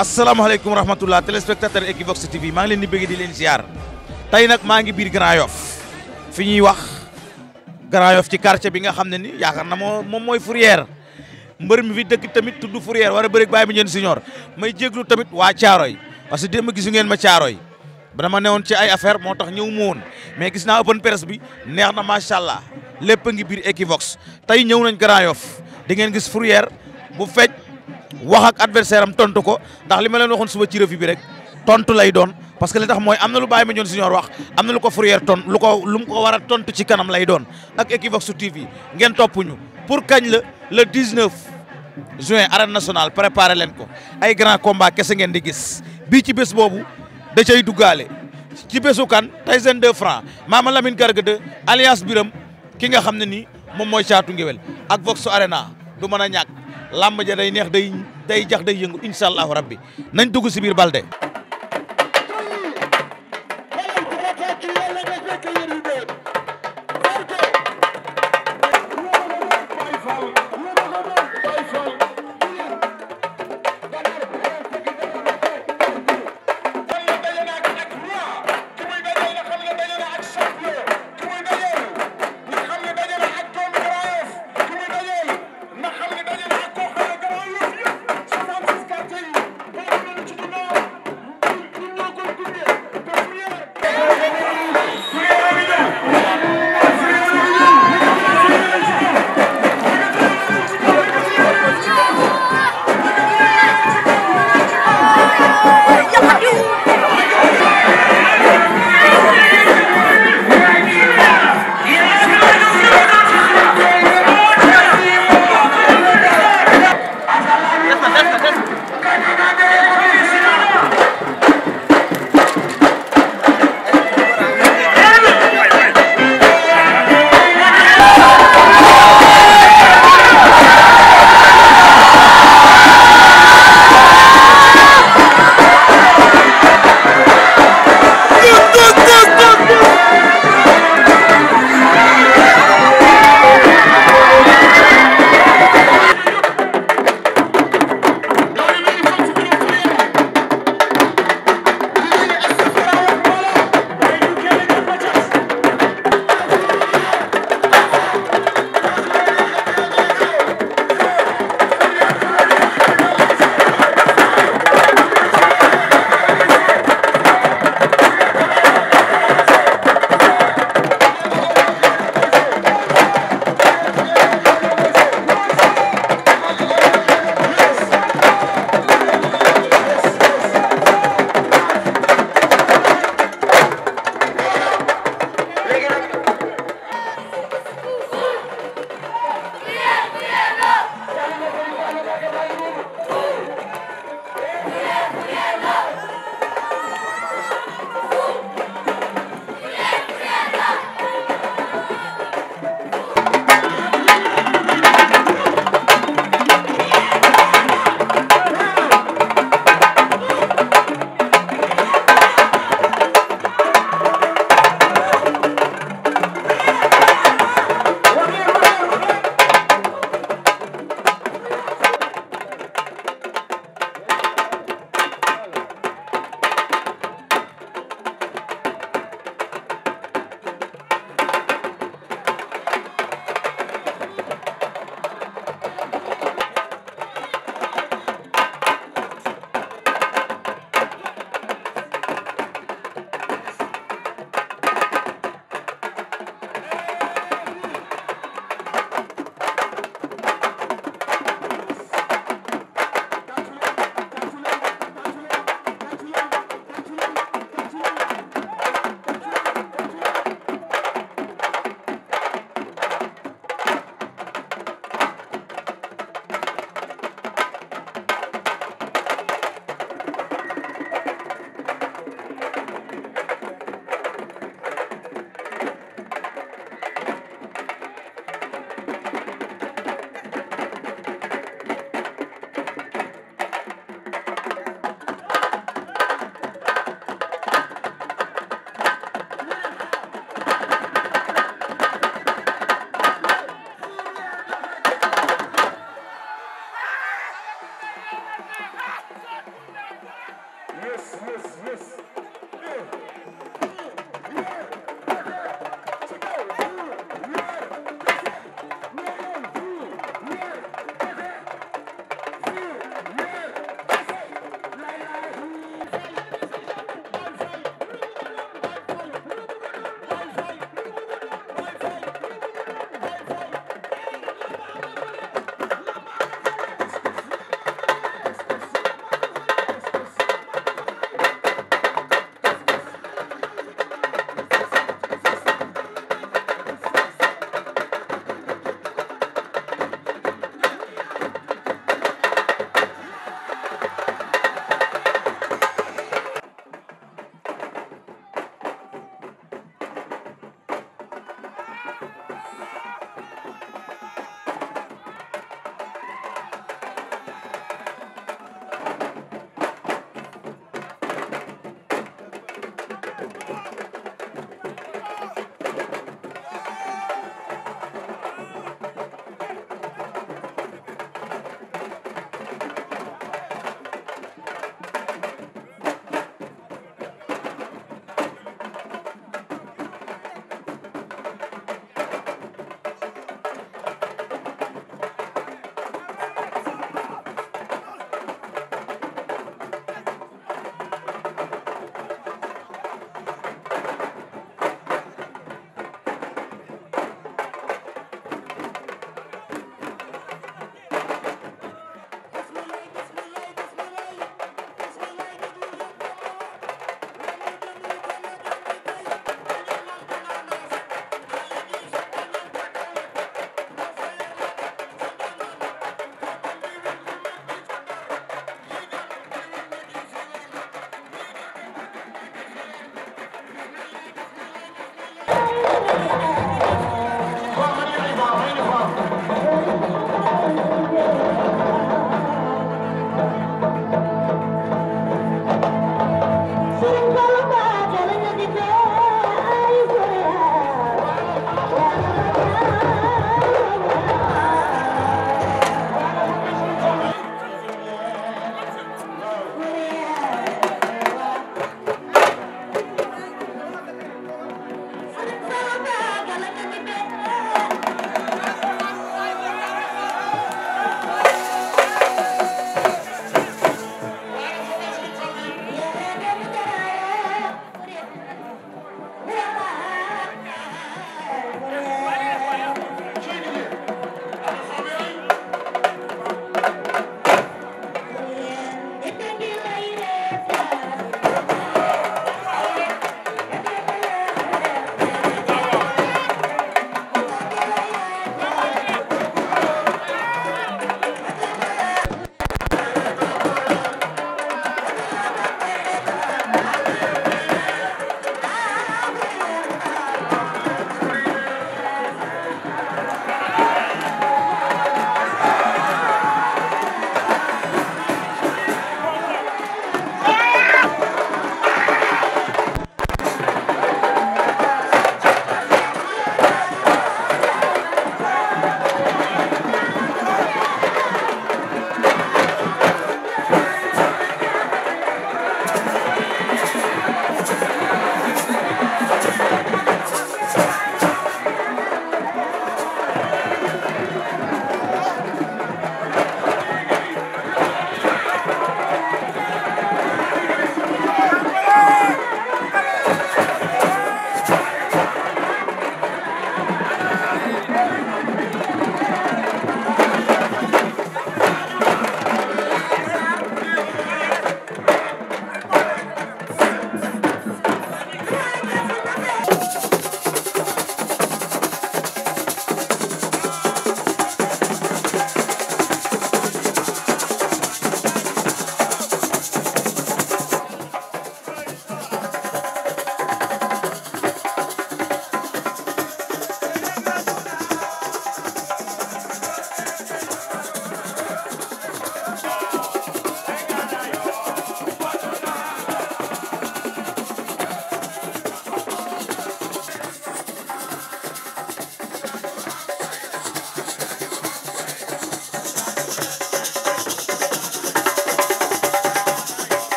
asalaamaaleykum wa rahmatulah téléspectateur Equivox TV maa ngi leen di bëgg di leen ziar tey nag maa ngi biir Grand Yoff fi ñuy wax Grand Yoff ci quartier bi nga xam ne ni yaakaar na moo moom mooy Fourrière mbër mi fi dëkk tamit tudd Fourrière war a bëri bàyyi bi ñeen siñor may jéglu tamit waa Caaroy parce que ma gisu ngeen ma Caaroy ba dama newoon ci ay affaire moo tax ñëw mu woon mais gis naa open presse bi neex na macha allah lépp a ngi biir Equivox tey ñëw nañ Grand yof di ngeen gis Fourrière bu fecc wax ak adversaire am tontu ko ndax li ma leen waxoon suba ci revue bi rek tontu lay doon parce que li tax mooy am na baay Baye Mandione Junior wax am na lu ko Fourrière ton lu ko lu mu ko a tontu ci kanam lay doon ak Equivox TV ngeen topp ñu pour kañ la le 19 juin arène nationale préparé leen ko ay grand combat kese ngeen di gis bii ci bés boobu da cay duggaale ci besu kan Tyson 2 Franc Mama Lamine Garga 2 alliance biram ki nga xam ne nii moom mooy caatu ngewel ak Vox Arena du mën a ñàkk làmb ja day neex day day jax day yëngu incha allahu rabbi nañ dugg si biir Balde.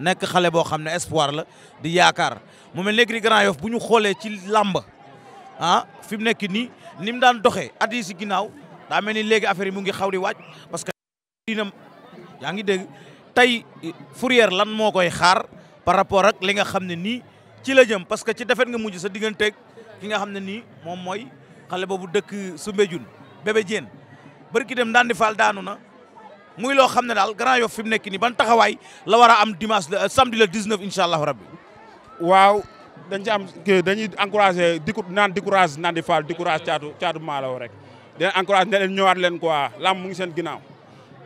nekk xale boo xam ne espoir la di yaakaar mu mel léegi Grand Yoff bu ñu xoolee ci làmb ah fi mu nekk nii ni mu daan doxee at si ginnaaw daa me ni léegi affaire yi mu ngi xaw di wàcc parce que diinam yaa ngi dégg tey Fourrière lan moo koy xaar par rapport ak li nga xam ne nii ci la jëm parce que ci defet nga mujj sa digganteeg ki nga xam ne nii moom mooy xale boobu dëkk Soumbédioune bébé Diène bërki dem daan di faal daanu na muy loo xam ne daal Grand Yoff fi mu nekk nii ban taxawaay la war a am dimanche le euh, samedi le 19 incha allahu rabbi waaw dañ ci am dañuy encouragé di naan décourage naan di faal décourage caatu caatu maalaw rek. dinañ encouragé ne leen ñëwaat leen quoi lam mu ngi seen ginnaaw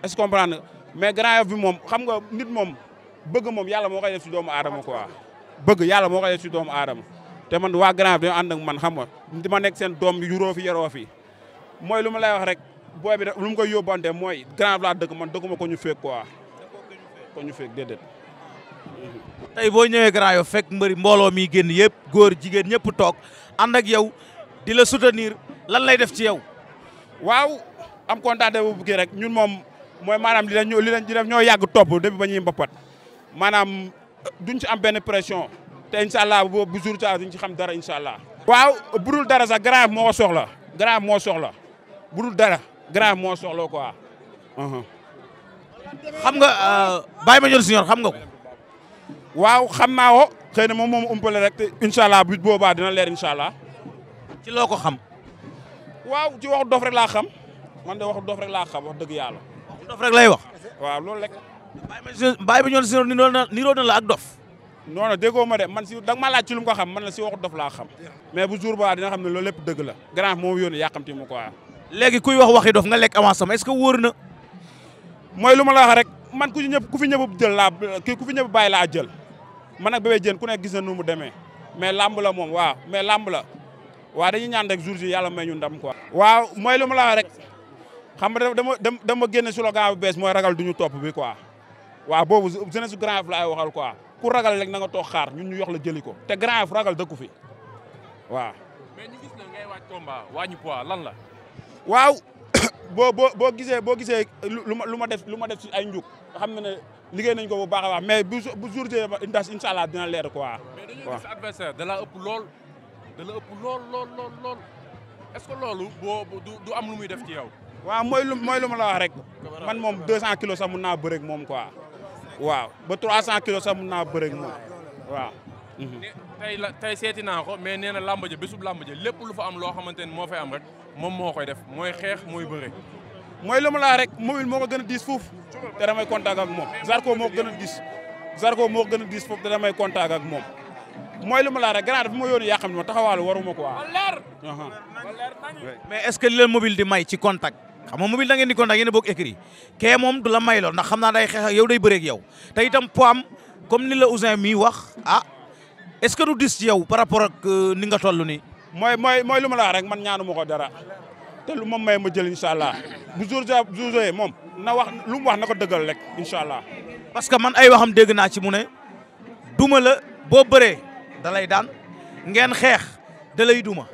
est-ce comprendre mais Grand Yoff bi moom xam nga nit moom bëgg moom yàlla moo koy def si doomu aadama quoi. bëgg yàlla moo koy def si doomu aadama te man waa Grand Yoff dañoo ànd ak man xam nga dama nekk seen doom yu yoroo fi yoroo mooy lu ma lay wax rek. booy bi lu mu koy yóbbante mooy grand laa dëkk man ma ko ñu feeg quoi. ko ñu feeg déedéet. tey boo ñëwee Grand Yoff fekk mbëri mbooloo mi génn yëpp góor jigéen ñëpp toog ànd ak yow di la soutenir lan lay def ci yow. waaw am kontaan bu bëggee rek ñun moom mooy maanaam li dañu li dañu def ñoo yàgg topp depuis ba ñuy mbappat maanaam duñ ci am benn pression te incha allah bu bu jour duñ ci xam dara incha allah. waaw budul dara sax Grand moo soxla. Grand moo soxla budul dara. Grand moo soxla quoi. Uh-huh. xam nga euh, Baye Mandione Senior xam nga ko. waaw xam naa ko xëy na moom moom umpale rek te incha allah bu boobaa dina leer incha allah. ci loo ko xam. waaw ci waxu dof rek laa xam man de waxu dof rek laa xam wax dëgg yàlla. waxu dof rek lay wax. waaw loolu rek. Baye Mandione Senior niroo na na la ak dof. non non déggoo ma de man si danga ma lu ko xam man la si waxu dof laa xam. mais bu jour ba dina xam ne loolu lépp dëgg la. grand moo yónni yàqamti mu quoi. léegi kuy wax waxi dof nga lekk avance am est-ce que wóor na. mooy lu ma la wax rek man ku ñëpp ku fi ñëpp jël laa kii ku fi laa jël man nag bébé jën ku nekk gis na nu mu demee mais làmb la moom waa mais làmb la waaw dañuy ñaan rek jour ji yàlla may ñu ndam quoi. waaw mooy lu ma la wax rek xam nga dama dama génne slogan bu bees mooy ragal du ñu topp bi quoi waaw boobu jeunesse Grand Yoff laay waxal quoi ku ragal rek na nga toog xaar ñun ñu yox la jëli ko te Grand Yoff ragal dëkku fi waaw. mais lan la. waaw boo boo boo gisee boo gisee lu ma lu ma def lu ma def si ay njuk xam nga ne liggéey nañ ko bu baax a mais bu bu jour jëlee ba incha allah dina leer quoi. waaw mais dañoo gis ëpp lool dala la ëpp lool lool lool lool est-ce que loolu du am lu muy def ci yow. waaw mooy lu mooy lu ma la wax rek man moom 200 kilos sax mun naa bëreeg moom quoi waaw ba 300 kilos sax mun naa bëreeg moom waaw. Mhm. ne tey la tey seeti naa ko mais nee na làmb ja bésub làmb ja lépp lu fa am loo xamante ne moo fay am rek moom moo koy def mooy xeex mooy bëre. mooy lu mu laa rek mobile moo ko gën a diis fuuf te damay contact ak moom Zarko moo ko gën a diis Zarko moo ko gën a diis fuuf te damay contact ak moom. mooy lu ma laa rek gannaaw dafa ma yónni yàqam ma taxawaalu waruma ko waaw. mais est-ce que li leen mobile di may ci contact xam nga mobile da ngeen di contact yéen a bokk écrit kee moom du la may lool ndax xam naa day xeex ak yow day bëreeg yow te itam poam comme ni la Ousin mi wax ah. est-ce que du dis ci par rapport ak euh, ni nga toll ni mooy mooy mooy lu ma la rek man ñaanu ma ko dara te lu ma may ma jël incha allah bu jour jour moom na wax lu mu wax na ko dëggal rek incha allah. parce que man ay waxam dégg naa ci mu ne duma la boo bëree dalay daan ngeen xeex dalay duma.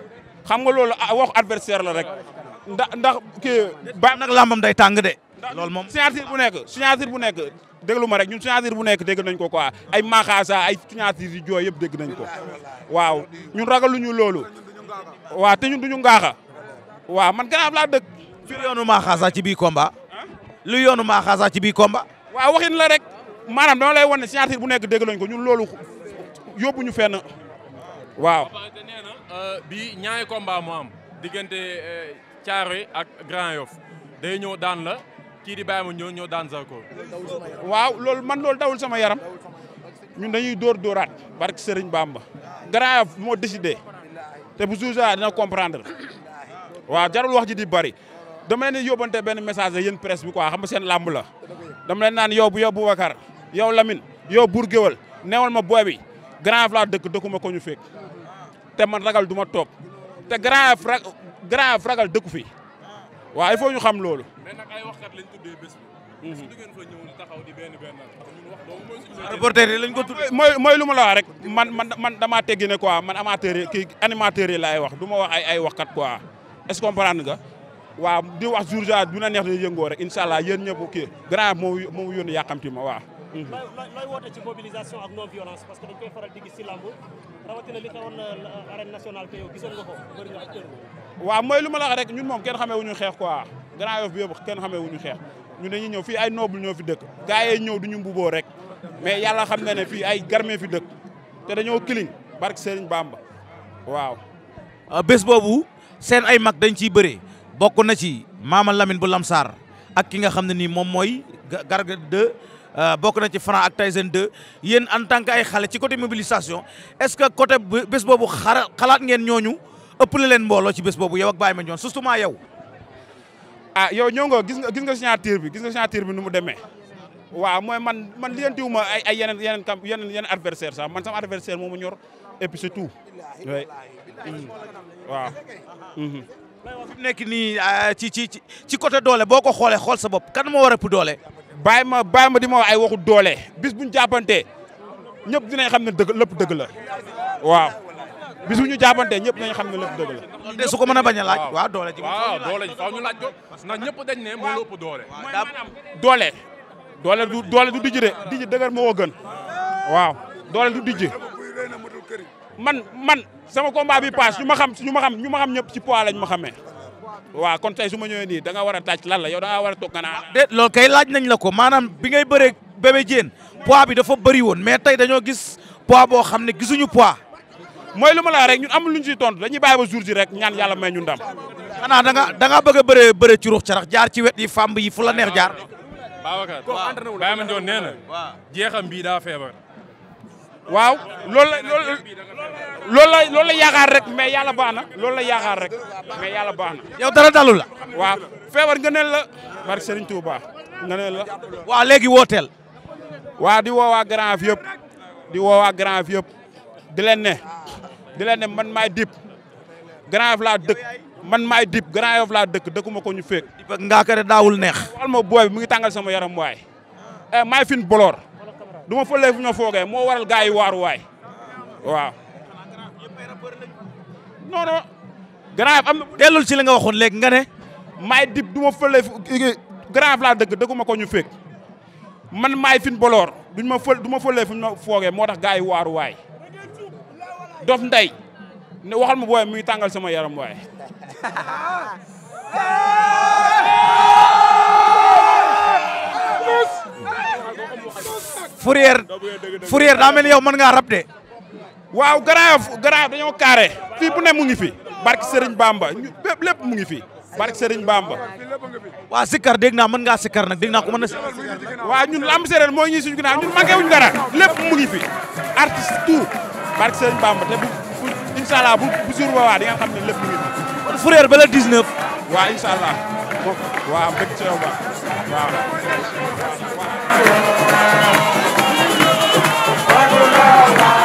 xam nga loolu ah, wax adversaire la rek ndax ndax kii. ba nag làmbam day tàng de. loolu moom signature bu nekk signature bu nekk. déglu ma rek ñun signature bu nekk dégg nañ ko quoi ay maxaasa ay signature yu jooy yëpp dégg nañ ko waaw ñun ragaluñu loolu waaw te ñun duñu ngaaxa waaw man gannaaw laa dëkk lu yoonu maxaasa ci biir komba lu yoonu maxaasa ci biir komba waaw waxin la rek maanaam dama lay wan ne signature bu nekk dégg nañ ko ñun loolu yóbbuñu fenn waaw nee na euh, bi ñaari combat mu am diggante euh, Thiaroye ak Grand Yoff day ñëw daan la kii di Baye Mandione ñoo daan Zarko. waaw loolu man loolu dawul sama yaram ñun dañuy dóor dóoraat barke Serigne Bamba. Garaaf moo décidé te bu suusa dina comprendre waaw jarul wax ji di bari dama leen di yóbbante benn message la yéen presse bi quoi xam nga seen làmb la dama leen naan yow bu yow Boubacar yow Lamine yow Bour Guéweul neewal ma booy bi Garaaf laa dëkk dëkkuma ko ñu fekk te man ragal du ma toog te Garaaf ra Garaaf ragal dëkku fi waaw il faut ñu xam loolu. mais nag ay waxkat lañ mhm. ah, ko tuddee ah, mooy moy lu ma la rek man man man damaa teggi ne quoi man amateur yi kii animateur yi laay wax du ma wax ay ay waxkat quoi est-ce que comprendre nga. waaw di wax jour ja bu na neex di yëngoo rek incha allah yéen ñëpp ok grand moom moom yónni yàqamti ma waaw. Mhm. looy que dañ koy faral di gis euh, lu ma la rek ñun moom kenn xamee wu ñu xeex quoi. Grand Yoff bi yëpp kenn xamee ñu xeex ñu ñu ñëw fii ay noble ñoo fi dëkk gars yi ñëw du ñu mbuboo rek mais yàlla xam na ne fii ay garmee fi dëkk te dañoo kiliñ barke Serigne Bamba waaw euh, bés boobu seen ay mag dañ ciy bëree bokk na ci Maama Lamine bu Lamsaar ak ki nga xam ne nii moom mooy Garga 2 euh, bokk na ci Franc ak Tyson 2 yéen en tant ay xale ci côté mobilisation est-ce que côté bés boobu xalaat ngeen ñooñu ëpp la leen mbooloo ci bés boobu yow ak Baye Mandione surtout yow a ah, yow ñëw nga gis nga gis nga signature bi gis nga signature bi nu mu demee waaw mooy man man liyantiwu ma ay ay yeneen yeneen camp yeneen yeneen adversaire sax man sama adversaire moomu ñor et puis c'est tout mm. waaw mm-hmm. waaw fi nekk nii ah, ci ci ci ci côté doole boo ko xoolee xool sa bopp kan moo war a doole. bàyyi ma bàyyi ma di moo ay waxu doole bis bu ñu jàppante ñëpp dinañ xam ne dëgg lépp dëgg la waaw. bis bu ñu jaabantee ñëpp nañ xam ne lépp dëgg la. de su ko mën a bañ a laaj. waaw doole ji waaw doole ji faaw ñu laaj ko ndax ñëpp dañ ne moo la ëpp doole. doole. doole du doole du dijji de dijji dëgër moo gën. waaw doole du dijji. man man sama combat bi paas ñu ma xam ñu ma xam ñu ma xam ñëpp ci poids lañ ma xamee. waaw kon tey su ma ñëwee nii da nga war a taaj lan la yow da nga war a toog nga naa. Ah, de loolu kay laaj nañ la ko maanaam bi ngay bëree bébé jéen poids bi dafa bëri woon mais tey dañoo gis poids boo xam ne gisuñu poids mooy lu ma la rek ñun amul luñ ciy tontu dañuy bàyyi ba jour ji rek ñaan yàlla may ñu ndam. xanaa da nga da nga bëgg a bëree bëree ci ruux carax jaar ci wet yi fàmb yi fu la neex jaar. Babacar waaw Baye Mandione nee na. jeexam bii daa feebar. waaw loolu la loolu loolu la loolu la yaakaar rek mais yàlla baax na loolu la yaakaar rek mais yàlla baax na. yow dara dalul la. waaw feebar nga ne la. barke Serigne Touba nga ne la. waaw léegi wooteel. waa di woo waa Grand Yoff yëpp di woo waa Grand Yoff yëpp di leen ne. di leen ne man maay dip Grand Yoff laa dëkk man maay dip Grand Yoff laa dëkk dëkkuma ko ñu féeg. dip ak ngaakare daawul neex. waxal ma booy bi mu ngi tàngal sama yaram waay eh, maay fin boloor du ma fëlee fu ñu foogee moo waral gars yi waaru waay waaw. am na. dellul ci li nga waxoon léegi nga ne. du ma fëlee fu Grand Yoff laa dëkk dëkkuma ko ñu féeg man maay fin boloor duñ ma fël du ma fëlee fu moo tax gars yi waay. dof nday ne waxal ma booy mi ngi tàngal sama yaram waaye. Fourrière Fourrière daa mel ni yow mën ngaa rab de. waaw garaaf garaaf dañoo carré. fii bu ne mu ngi fi. barke Serigne Bamba ñu lépp lépp mu ngi fi. barke Serigne Bamba. waa Sikar dégg naa mën ngaa Sikar nag dégg naa ko mën na. waaw ñun lamb séeréer mooy ñuy suñu ginnaaw ñun manqué wuñ dara. lépp mu ngi fi artiste barke sëñ Bamba te bu bu incha bu bu jour waa di nga ne lépp lu kon Fourrière ba la 19. waaw incha allah waaw bëgg ci yow